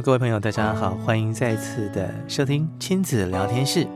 各位朋友，大家好，歡迎再次的收聽親子聊天室。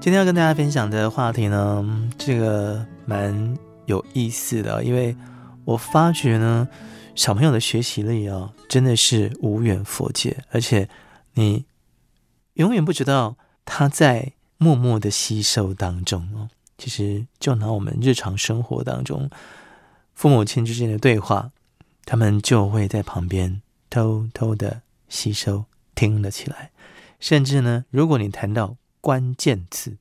今天要跟大家分享的話題呢，這個蠻有意思的，因為我發覺呢，小朋友的學習力啊、哦，真的是無遠弗屆，而且你永遠不知道他在默默的吸收當中哦。其實，就拿我們日常生活當中父母親之間的對話，他們就會在旁邊偷偷的。吸收聽得起來，甚至呢，如果你談到關鍵字，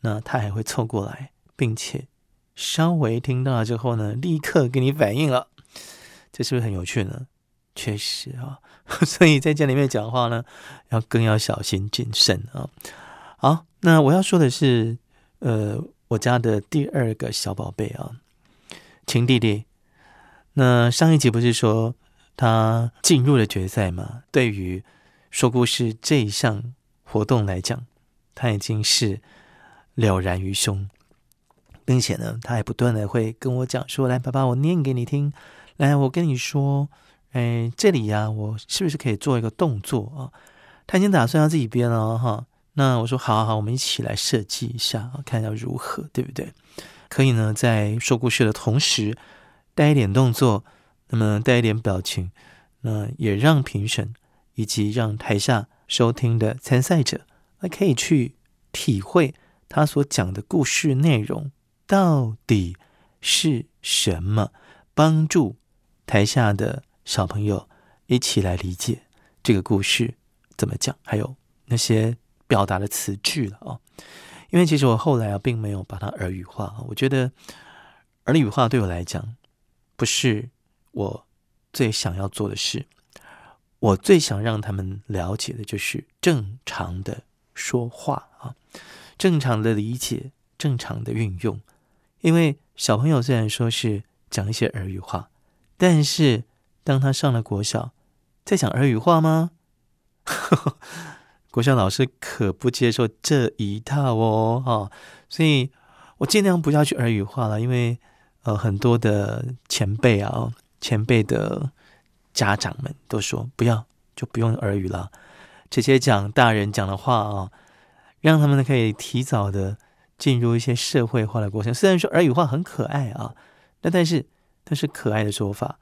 那他還會湊過來，並且稍微聽到了之後呢，立刻給你反應了。這是不是很有趣呢？確實啊，所以在家裡面講話呢，要更要小心謹慎啊。好，那我要說的是，呃，我家的第二個小寶貝啊，親弟弟。那上一集不是說？他進入了決賽嘛？對於說故事這一項活動來講，他已經是了然於胸，並且呢，他還不斷的會跟我講說：“來，爸爸，我念給你聽。來，我跟你說，哎，這裡呀，我是不是可以做一個動作啊？”他已經打算要自己編了哈。那我說：“好，好，我們一起來設計一下，看要如何，對不對？可以呢，在說故事的同時帶一點動作。”那麼帶一點表情，那也讓評審以及讓台下收聽的參賽者，那可以去體會他所講的故事內容到底是什麼，幫助台下的小朋友一起來理解這個故事怎麼講，還有那些表達的詞句了哦。因為其實我後來啊，並沒有把它兒語化，我覺得兒語化對我來講不是。我最想要做的事，我最想讓他們了解的就是正常的說話啊，正常的理解，正常的運用。因為小朋友雖然說是講一些兒語話，但是當他上了國小，在講兒語話嗎呵呵？國小老師可不接受這一套哦，哈、哦！所以我盡量不要去兒語話了，因為呃，很多的前輩啊。前輩的家長們都說：“不要，就不用兒語了，直接講大人講的話啊，讓他們呢可以提早的進入一些社會化的過程。雖然說兒語話很可愛啊，那但是但是可愛的說法，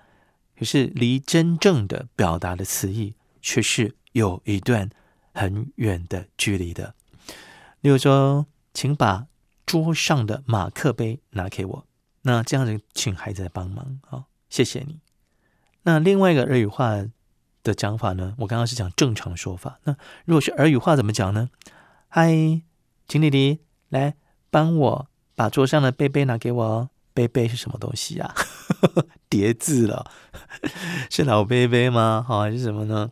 可是離真正的表達的詞義卻是有一段很遠的距離的。例如說，請把桌上的馬克杯拿給我。那這樣子，請孩子來幫忙啊。”謝謝你。那另外一個兒語化的講法呢？我剛剛是講正常說法。那如果是兒語化，怎麼講呢？嗨，請弟弟，來幫我把桌上的杯杯拿給我。杯杯是什麼東西呀、啊？疊 字子了， 是老杯杯嗎？好還是什麼呢？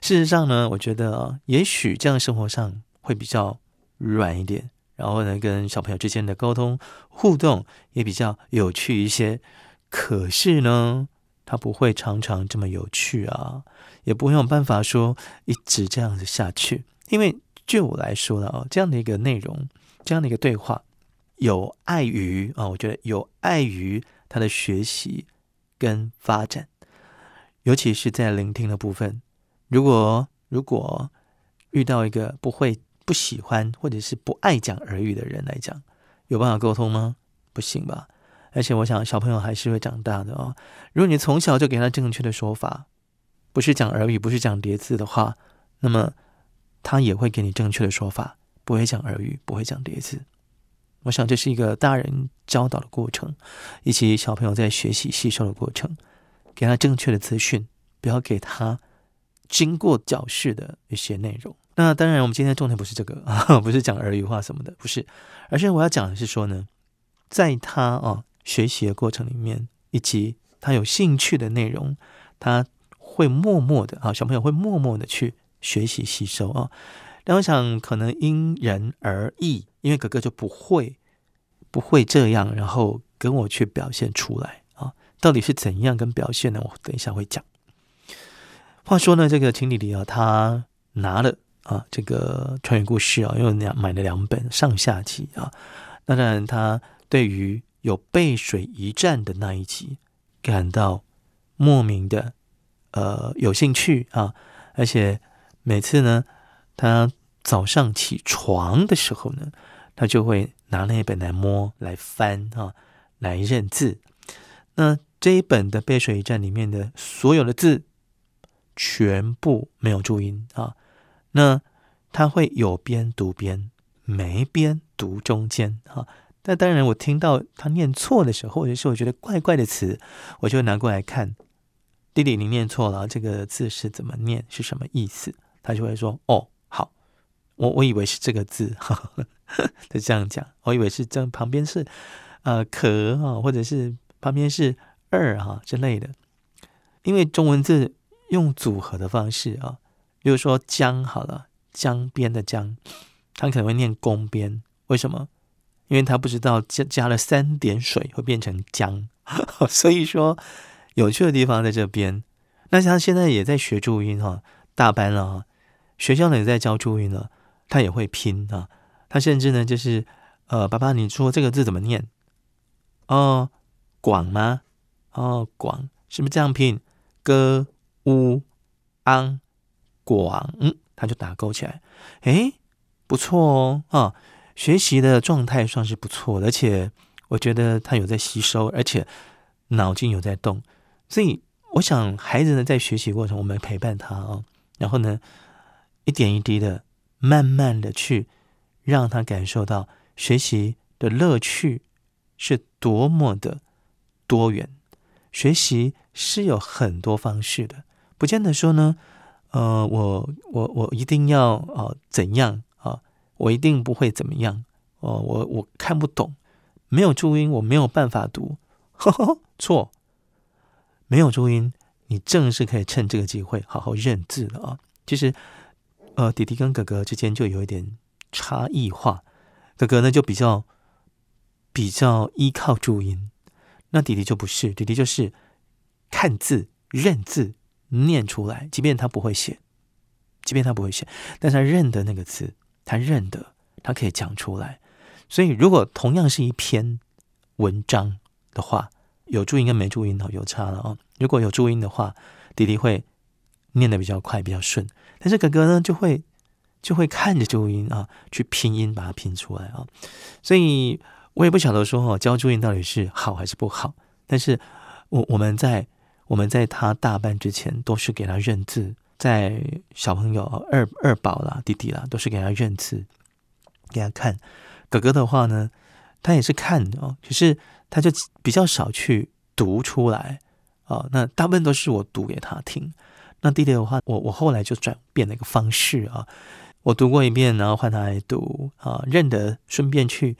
事實上呢，我覺得也許這樣生活上會比較軟一點，然後呢，跟小朋友之間的溝通互動也比較有趣一些。可是呢，他不會常常這麼有趣啊，也不會有辦法說一直這樣子下去。因為就我來說呢，啊，這樣的一個內容，這樣的一個對話，有礙於啊、哦，我覺得有礙於他的學習跟發展，尤其是在聆聽的部分。如果如果遇到一個不會、不喜歡或者是不愛講兒語的人來講，有辦法溝通嗎？不行吧。而且我想，小朋友還是會長大的哦。如果你從小就給他正確的說法，不是講兒語，不是講疊字的話，那麼他也會給你正確的說法，不會講兒語，不會講疊字。我想這是一個大人教導的過程，以及小朋友在學習吸收的過程。給他正確的資訊，不要給他經過矯飾的一些內容。那當然，我們今天的重點不是這個啊，不是講兒語話什麼的，不是。而是我要講的是說呢，在他啊、哦。學習的過程裡面，以及他有興趣的內容，他會默默的啊，小朋友會默默的去學習吸收啊。但我想可能因人而異，因為哥哥就不會不會這樣，然後跟我去表現出來啊。到底是怎樣跟表現呢？我等一下會講。話說呢，這個秦弟弟啊，他拿了啊這個《成語故事》啊，又樣買了兩本上下集啊。那當然他對於有《背水一戰》的那一集，感到莫名的呃有興趣啊！而且每次呢，他早上起床的時候呢，他就會拿那一本來摸來翻哈、啊，來認字。那這一本的《背水一戰》裡面的所有的字，全部沒有注音啊。那他會有邊讀邊沒邊讀中間哈。啊那當然，我聽到他念錯的時候，或者是我覺得怪怪的詞，我就會拿過來看。弟弟，你念錯了，這個字是怎麼念？是什麼意思？他就會說：“哦，好，我我以為是這個字。 ”他這樣講，我以為是這旁邊是呃殼哈，或者是旁邊是二哈之類的。因為中文字用組合的方式啊，比如說江好了，江邊的江，他可能會念公邊，為什麼？因為他不知道加，加了三點水會變成江， 所以說有趣的地方在這邊。那他現在也在學注音哈，大班了哈，學校呢也在教注音了，他也會拼，他甚至呢就是，呃，爸爸，你說這個字怎麼念？哦，廣嗎？哦，廣，是不是這樣拼？哥烏昂、廣、嗯，他就打勾起來。哎，不錯哦，啊、哦。學習的狀態算是不錯，而且我覺得他有在吸收，而且腦筋有在動，所以我想孩子呢在學習過程，我們陪伴他啊、哦，然後呢一點一滴的，慢慢的去讓他感受到學習的樂趣是多麼的多元，學習是有很多方式的，不見得說呢，呃，我我我一定要啊、呃、怎樣。我一定不會怎麼樣哦，呃，我我看不懂，沒有注音，我沒有辦法讀。哈哈，錯，沒有注音，你正是可以趁這個機會好好認字的啊、哦。其實，呃，弟弟跟哥哥之間就有一點差異化，哥哥呢就比較比較依靠注音，那弟弟就不是，弟弟就是看字、認字、念出來，即便他不會寫，即便他不會寫，但是他認得那個字。他認得，他可以講出來。所以，如果同樣是一篇文章的話，有注音跟沒注音，就有差了啊。如果有注音的話，弟弟會念得比較快、比較順，但是哥哥呢，就會就會看着注音啊，去拼音，把它拼出來啊。所以我也不曉得說哦，教注音到底是好還是不好。但是我我們在我們在他大班之前，都是給他認字。在小朋友二二寶啦、弟弟啦，都是給他認字，給他看。哥哥的話呢，他也是看哦，可是他就比較少去讀出來哦。那大部分都是我讀給他聽。那弟弟的話，我我後來就轉變了一個方式啊、哦，我讀過一遍，然後換他來讀啊、哦，認得順便去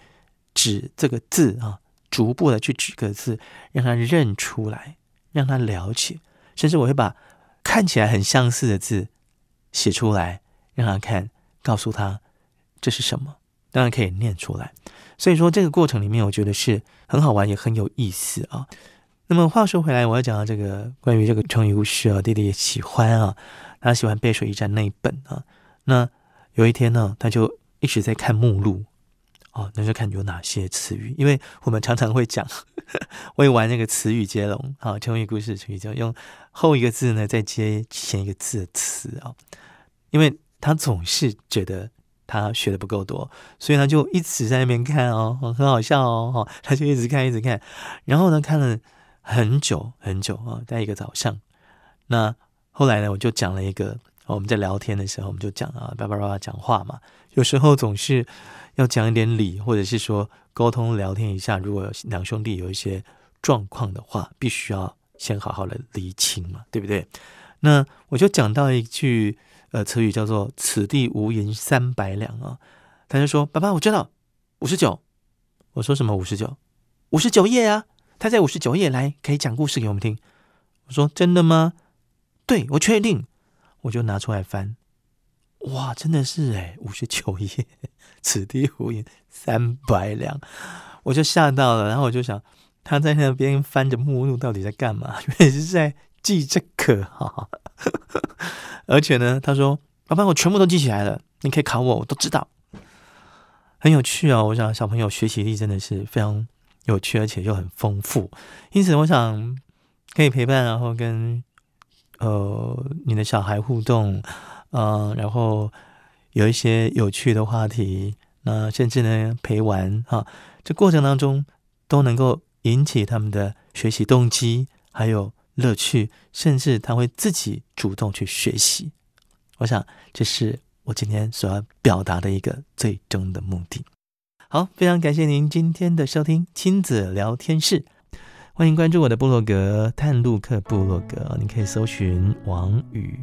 指這個字啊、哦，逐步的去指個字，讓他認出來，讓他了解，甚至我會把。看起來很相似的字，寫出來讓他看，告訴他這是什麼，當然可以念出來。所以說這個過程裡面，我覺得是很好玩也很有意思啊。那麼話說回來，我要講到這個關於這個成語故事啊，弟弟也喜歡啊，他喜歡《背水一戰》那一本啊，那有一天呢，他就一直在看目錄。哦，那就看有哪些詞語，因為我們常常會講，會玩那個詞語接龍。好、哦，成語故事成語接龍。用後一個字呢再接前一個字的詞啊、哦。因為他總是覺得他學的不夠多，所以他就一直在那邊看哦，哦，很好笑哦，哦他就一直看一直看，然後呢看了很久很久啊，在、哦、一個早上。那後來呢，我就講了一個，哦、我們在聊天的時候，我們就講啊，叭叭叭叭講話嘛，有時候總是。要講一點理，或者是說溝通聊天一下，如果兩兄弟有一些狀況的話，必須要先好好的釐清嘛，對不對？那我就講到一句呃詞語叫做“此地無銀三百兩”啊、哦，他就說：“爸爸，我知道五十九。59 ”我說：“什麼五十九？五十九頁啊？他在五十九頁來可以講故事給我們聽。”我說：“真的嗎？”“對，我確定。”我就拿出來翻。哇，真的是哎，五十九頁，此地無銀三百兩，我就嚇到了。然後我就想，他在那邊翻着目錄，到底在幹嘛？原來是在記這個哈、啊。 而且呢，他說：“老爸，我全部都記起來了，你可以考我，我都知道。”很有趣啊、哦！我想小朋友學習力真的是非常有趣，而且又很豐富。因此，我想可以陪伴，然後跟呃你的小孩互動。嗯，然後有一些有趣的話題，那、呃、甚至呢陪玩啊，這過程當中都能夠引起他們的學習動機，還有樂趣，甚至他會自己主動去學習。我想，這是我今天所要表達的一個最終的目的。好，非常感謝您今天的收聽《親子聊天室》。歡迎關注我的部落格“探路客部落格”，你可以搜尋“王禹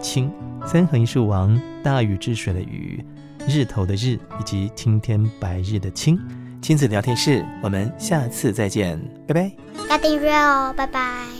晴，三橫一豎王，大禹治水的禹，日頭的日，以及青天白日的青”。親子聊天室”。我們下次再見，拜拜！加訂閱哦，拜拜。